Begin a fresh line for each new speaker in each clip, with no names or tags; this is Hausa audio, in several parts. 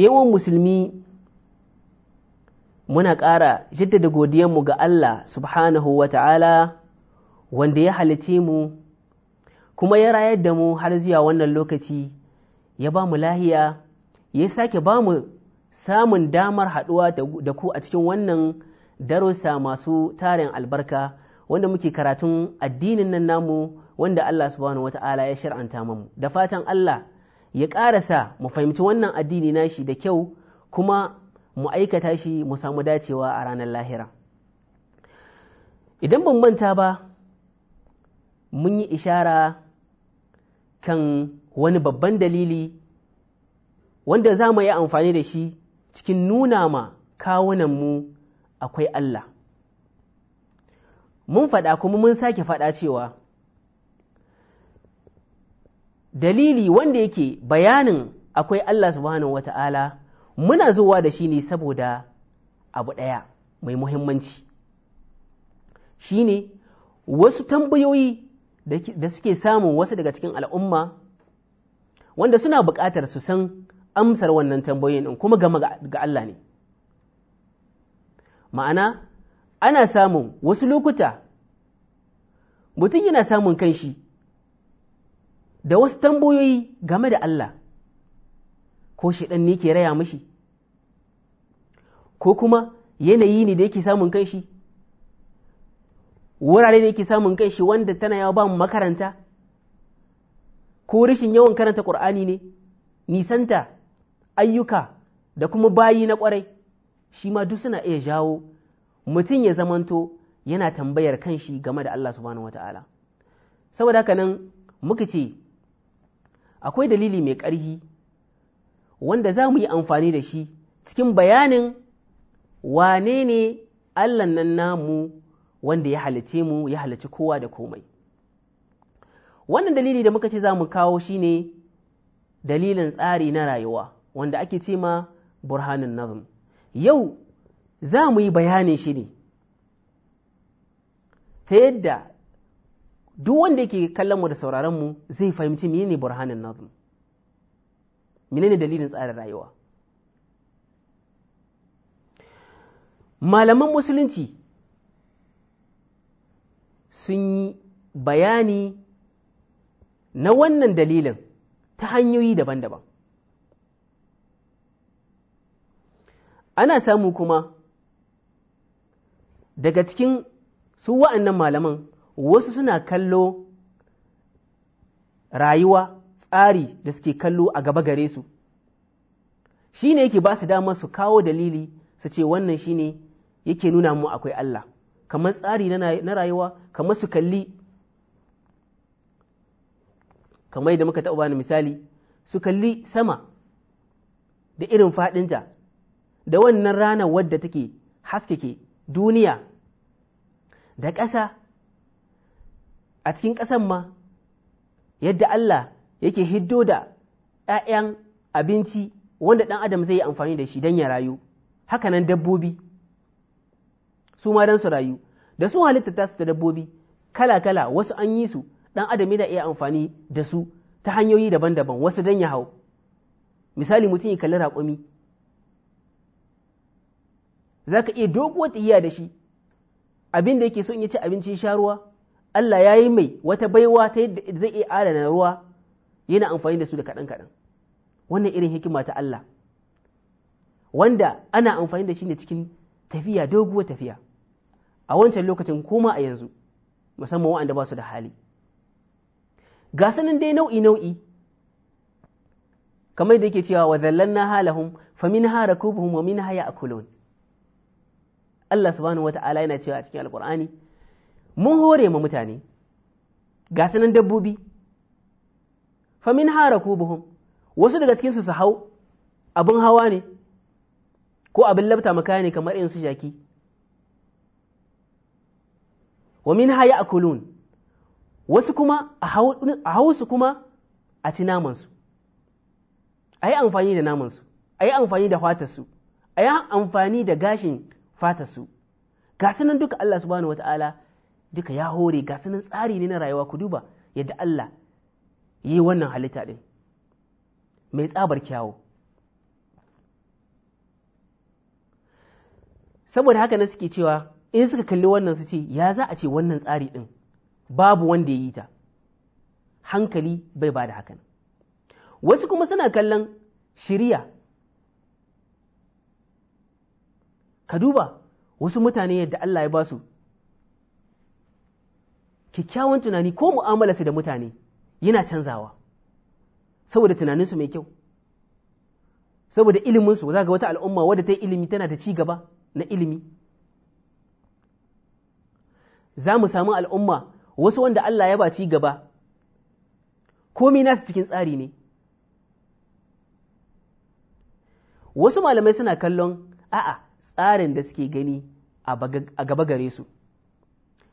yawan musulmi muna ƙara jaddada godiyanmu ga Allah subhanahu wa ta'ala wanda ya halice mu kuma ya rayar da mu har zuwa wannan lokaci ya ba mu lahiya ya sake ba mu samun damar haɗuwa da ku a cikin wannan darussa masu tarin albarka wanda muke karatun addinin nan namu wanda Allah subhanahu wa ta'ala ya shar'anta mu, da fatan Allah ya ƙarasa mu fahimci wannan addini nashi da kyau kuma mu aikata shi mu samu dacewa a ranar lahira idan ban manta ba mun yi ishara kan wani babban dalili wanda za mu yi amfani da shi cikin nuna ma kawunan mu akwai Allah mun faɗa kuma mun sake faɗa cewa dalili wanda yake bayanin akwai Allah subhanahu wata'ala muna zuwa da shi ne saboda abu ɗaya mai muhimmanci shi ne wasu tambayoyi da suke samun wasu daga cikin al'umma wanda suna buƙatar su san amsar wannan tambayoyin ɗin kuma gama ga Allah ne ma'ana ana samun wasu lokuta mutum yana samun kanshi da wasu tambayoyi game da Allah, ko shaɗan ne ke raya mashi, ko kuma yanayi ne da yake samun kanshi, wurare da yake samun kanshi wanda tana yawa ba makaranta, ko rashin yawan karanta ƙur'ani ne, nisanta, ayyuka da kuma bayi na ƙwarai, shi ma duk suna iya jawo mutum ya zamanto yana tambayar kanshi game da Allah subhanahu wa Saboda haka nan muka ce akwai dalili mai ƙarfi wanda za mu yi amfani da shi cikin bayanin wane ne Allahn nan namu wanda ya halice mu ya halici kowa da komai wannan dalili da muka ce za mu kawo shi ne dalilin tsari na rayuwa wanda ake ce ma burhanin nazm yau za mu yi bayanin shi ne ta yadda duk wanda yake kallon mu da sauraron mu zai fahimci menene burhanin nazm menene dalilin tsarin rayuwa malaman musulunci sun yi bayani na wannan dalilin ta hanyoyi daban-daban ana samu kuma daga cikin su wa'annan malaman wasu suna kallo rayuwa tsari da suke kallo a gaba gare su shi ne yake ba su dama su kawo dalili su ce wannan shi ne yake nuna mu akwai Allah kamar tsari na rayuwa kamar su kalli kamar da muka taɓa bani misali su kalli sama da irin faɗinta da wannan rana wadda take haskake duniya da ƙasa a cikin ƙasan ma yadda Allah yake hiddo da ‘ya'yan abinci wanda ɗan adam zai yi amfani da shi don ya rayu Haka nan dabbobi su ma don su rayu da su halitta tasu da dabbobi kala-kala wasu an yi su ɗan adam yana iya amfani da su ta hanyoyi daban-daban wasu don ya hau misali mutum ya kalli raƙumi za ka iya doguwar iya da shi abin da yake so in ya ci abinci ya sha ruwa Allah ya yi mai wata baiwa ta yadda zai iya adana ruwa yana amfani da su da kaɗan-kaɗan wannan irin hikima ta Allah wanda ana amfani da shi ne cikin tafiya doguwar tafiya a wancan lokacin kuma a yanzu musamman wa'anda ba su da hali ga sanin dai nau'i-nau'i kamar da yake cewa na halahum fa min ko rakubuhum wa min a ya'kulun Allah subhanahu wata'ala yana cewa a cikin alqur'ani mun hore ma mutane ga sunan dabbobi famin hara ko buhum wasu daga cikinsu su hau abin hawa ne ko abin labta maka ne kamar su jaki wa min haya a wasu kuma a hau su kuma a ci namansu a yi amfani da namansu a yi amfani da fatarsu a yi amfani da gashin fatarsu ga sunan duka Allah subhanahu wata'ala duka ya hore ga sunan tsari ne na rayuwa ku duba yadda Allah yi wannan halitta ɗin mai tsabar kyawo saboda haka na suke cewa in suka kalli wannan su ce ya za a ce wannan tsari ɗin babu wanda ya yi ta hankali bai ba da hakan wasu kuma suna kallon shirya ka duba wasu mutane yadda Allah ya ba su kyakkyawan tunani ko mu'amalarsu da mutane yana canzawa saboda tunaninsu mai kyau saboda iliminsu za ga wata al'umma wadda ta yi ilimi tana da ci gaba na ilimi za mu samu al'umma wasu wanda Allah ya ba ci gaba komi nasu cikin tsari ne wasu malamai suna kallon a'a tsarin da suke gani a gaba gare su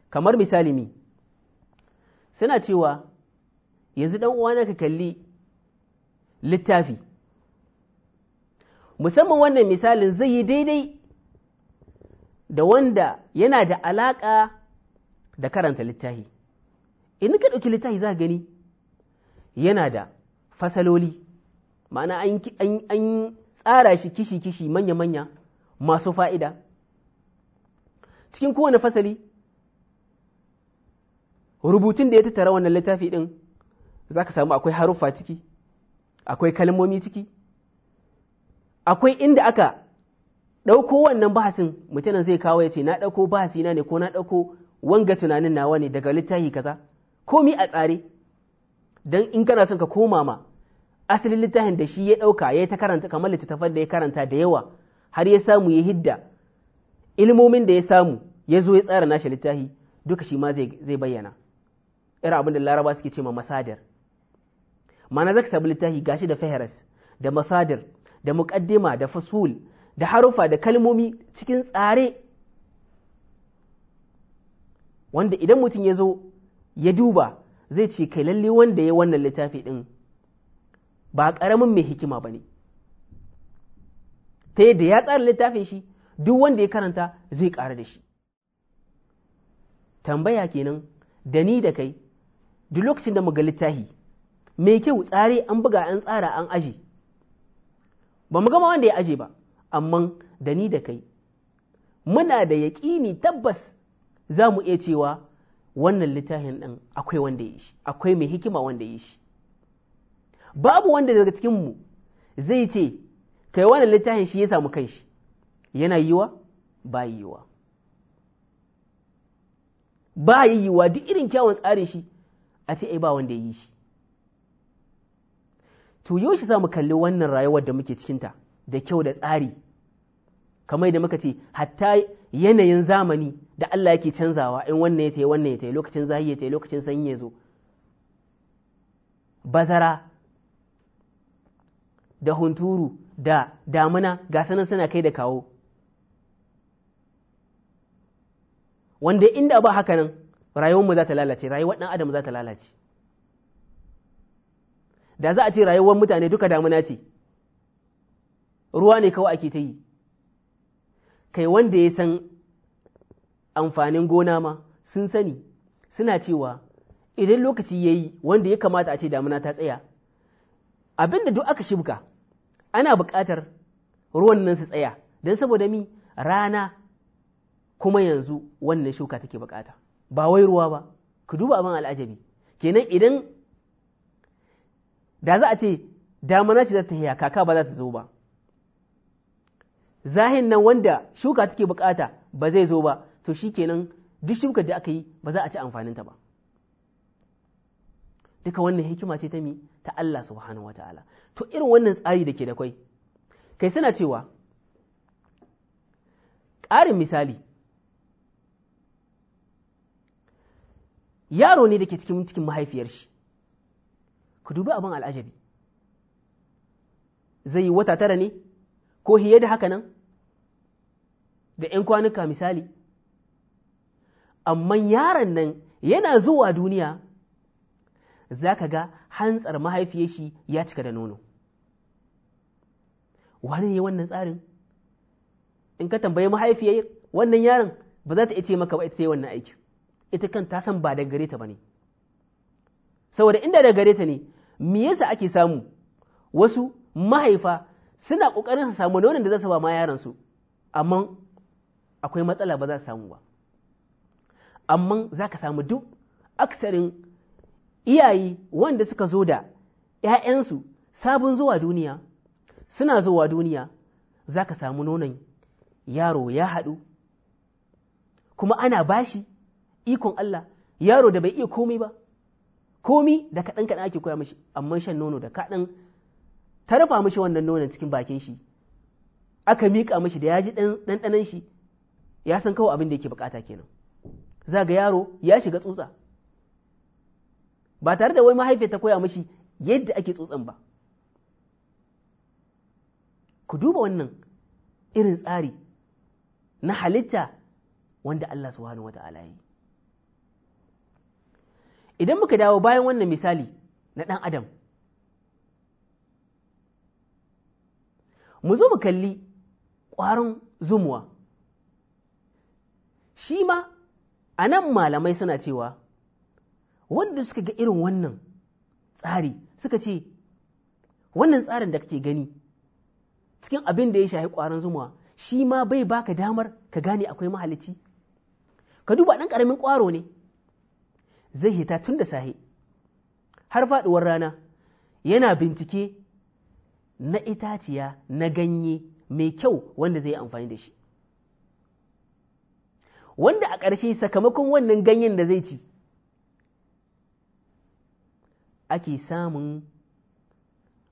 kamar misali mi suna cewa yanzu ɗan uwana ka kalli littafi musamman wannan misalin zai yi daidai da wanda yana da alaƙa da karanta littafi in ka ɗauki littafi za gani yana da fasaloli ma'ana an tsara shi kishi-kishi manya-manya masu fa'ida cikin kowane fasali rubutun da ya tattara wannan littafi ɗin za ka samu akwai haruffa ciki akwai kalmomi ciki akwai inda aka ɗauko wannan bahasin mutumin zai kawo ya ce na ɗauko bahasina ne ko na ɗauko wanga tunanin nawa ne daga littafi kaza komi a tsare don in kana son ka koma ma asalin littafin da shi ya ɗauka ya ta karanta kamar littattafan da ya karanta da yawa har ya samu ya hidda ilmomin da ya samu ya zo ya tsara nashi littafi duka shi ma zai bayyana irin abin da laraba suke ce ma masadir mana zaka sabu littafi gashi da fahiras da masadir da muƙaddima da fasul da harufa da kalmomi cikin tsare wanda idan mutum ya zo ya duba zai ce kai lalle wanda ya wannan littafi ɗin ba karamin mai hikima ba ne ta yadda ya tsara littafin shi duk wanda ya karanta zai ƙara da shi tambaya kenan da ni da kai duk lokacin da muga littafi mai kyau tsare an buga an tsara an aje ba mu gama wanda ya aje ba amma da ni da kai muna da yaƙini tabbas za mu iya cewa wannan littafin ɗin akwai wanda ya shi akwai mai hikima wanda ya shi babu wanda daga cikinmu zai ce kai wannan littafin shi ya samu kanshi yana yiwa ba yiwa ba yiwa duk irin kyawun tsarin shi a ce ai ba wanda ya yi shi to yaushe za mu kalli wannan rayuwar da muke cikinta da kyau da tsari kamar da muka ce hatta yanayin zamani da Allah yake canzawa in wannan ya tayi wannan ya tayi lokacin zahi ya tayi lokacin sanyi ya zo bazara da hunturu da damuna ga sanan suna kai da kawo wanda inda ba haka nan rayuwarmu za ta lalace rayuwar ɗan adam za ta lalace da za a ce rayuwar mutane duka damuna ce ruwa ne kawai ake ta yi kai wanda ya san amfanin gona ma sun sani suna cewa idan lokaci ya yi wanda ya kamata a ce damuna ta tsaya abinda duk aka shibka ana buƙatar ruwan nan su tsaya don saboda mi rana kuma yanzu wannan shuka take buƙata. ba wai ruwa ba ku duba abin al'ajabi kenan idan da za a ce damana ce za ta hiya kaka ba za ta zo ba zahin nan wanda shuka take bukata ba zai zo ba to shi kenan duk shukar da aka yi ba za a ci amfaninta ba duka wannan hikima ce ta mi ta Allah subhanahu wa ta'ala to irin wannan tsari da ke da kwai kai suna cewa ƙarin misali yaro ne da ke cikin cikin mahaifiyar shi ku dubi abin al'ajabi zai yi wata tara ne ko hiye da haka nan da ‘yan kwanuka misali amma yaron nan yana zuwa duniya za ka ga hantsar mahaifiyar shi ya cika da nono wani ne wannan tsarin in ka tambayi mahaifiyar wannan yaron ba za ta iya ce maka ba ita yi wannan aikin ita kan ta san ba da gare ta ba ne saboda inda da gare ta ne me yasa ake samu wasu mahaifa suna ƙoƙarin su samu nonon da za su ba ma yaran su amma akwai matsala ba za su samu ba amma za ka samu duk aksarin iyaye wanda suka zo da ‘ya'yansu sabon zuwa duniya suna zuwa duniya za ka samu nonon yaro ya haɗu kuma ana bashi ikon Allah yaro da bai iya komai ba komi da kaɗan kaɗan ake koya mishi amma shan nono da kaɗan ta rufa mishi wannan nonon cikin bakin shi aka miƙa mishi da ya ji ɗanɗanan shi ya san kawai abin da yake bukata kenan za ga yaro ya shiga tsutsa ba tare da wai mahaifiyata ta koya mishi yadda ake tsutsan ba ku duba wannan irin tsari na halitta wanda Allah subhanahu wa ta'ala yi idan muka dawo bayan wannan misali na ɗan adam mu zo mu kalli ƙwarin zumuwa shi ma a nan malamai suna cewa wanda suka ga irin wannan tsari suka ce wannan tsarin da kake gani cikin abin da ya shahi ƙwarin zumuwa shi ma bai baka damar ka gane akwai mahalici ka duba ɗan ƙaramin ƙwaro ne zai hita tun da sahi har faɗuwar rana yana bincike na itaciya na ganye mai kyau wanda zai amfani da shi wanda a ƙarshe sakamakon wannan ganyen da zai ci ake samun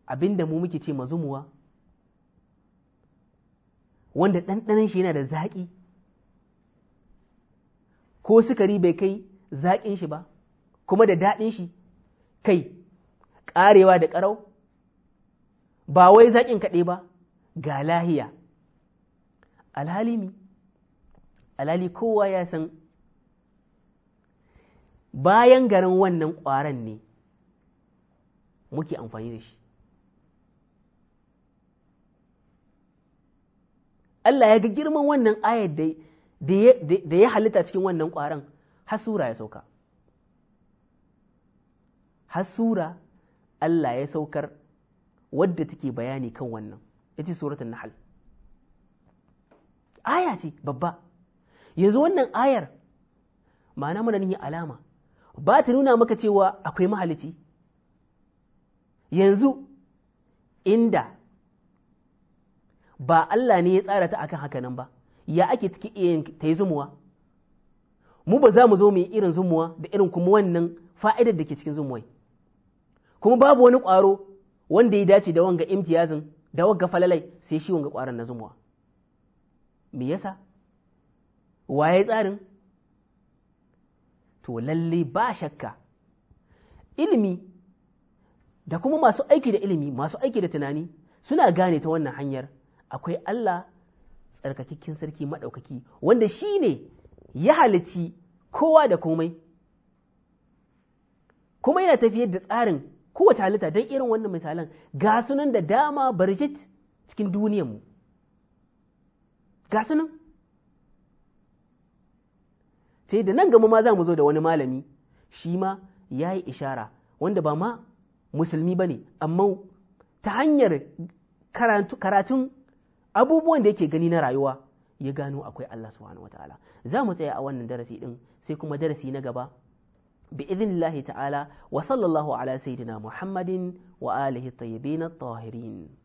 abin da mu muke ce mazumuwa wanda ɗanɗanon shi yana da zaƙi ko sukari bai kai zaƙin shi ba kuma da daɗin shi kai ƙarewa da ƙarau ba wai zaƙin kaɗai ba ga lahiya alhali ne, alhali kowa ya san bayan garin wannan ƙwaron ne muke amfani da shi Allah ya ga girman wannan ayat da ya halitta cikin wannan ƙwaron har sura ya sauka har sura Allah ya saukar wadda take bayani kan wannan ita suratul nahl aya ce babba yanzu wannan ayar ma'ana muna nihin alama ba ta nuna maka cewa akwai mahalici yanzu inda ba Allah ne ya tsara ta akan haka nan ba ya ake take iya ta yi zumuwa mu ba za mu zo mu yi irin zumuwa da irin kuma wannan fa'idar da ke cikin zumuwai kuma babu wani ƙwaro wanda ya dace da wanga imtiyazin da wanga falalai sai shi wanga ƙwaron na zumuwa me yasa waye tsarin to lalle ba shakka ilimi da kuma masu aiki da ilimi masu aiki da tunani suna gane ta wannan hanyar akwai Allah tsarkakakken sarki maɗaukaki wanda shi ne ya halici kowa da komai kuma yana tafiyar da tsarin kowace halitta don irin wannan misalan ga sunan da dama barjit cikin duniyarmu ga sunan sai da nan gama ma za mu zo da wani malami shi ma ya yi ishara wanda ba ma musulmi ba ne amma ta hanyar karatun abubuwan da yake gani na rayuwa ya gano akwai Allah subhanahu wataala za mu tsaya a wannan darasi din sai kuma darasi na gaba bi'idhnillahi ta'ala wa sallallahu ala sayyidina muhammadin wa alihi tayyibin at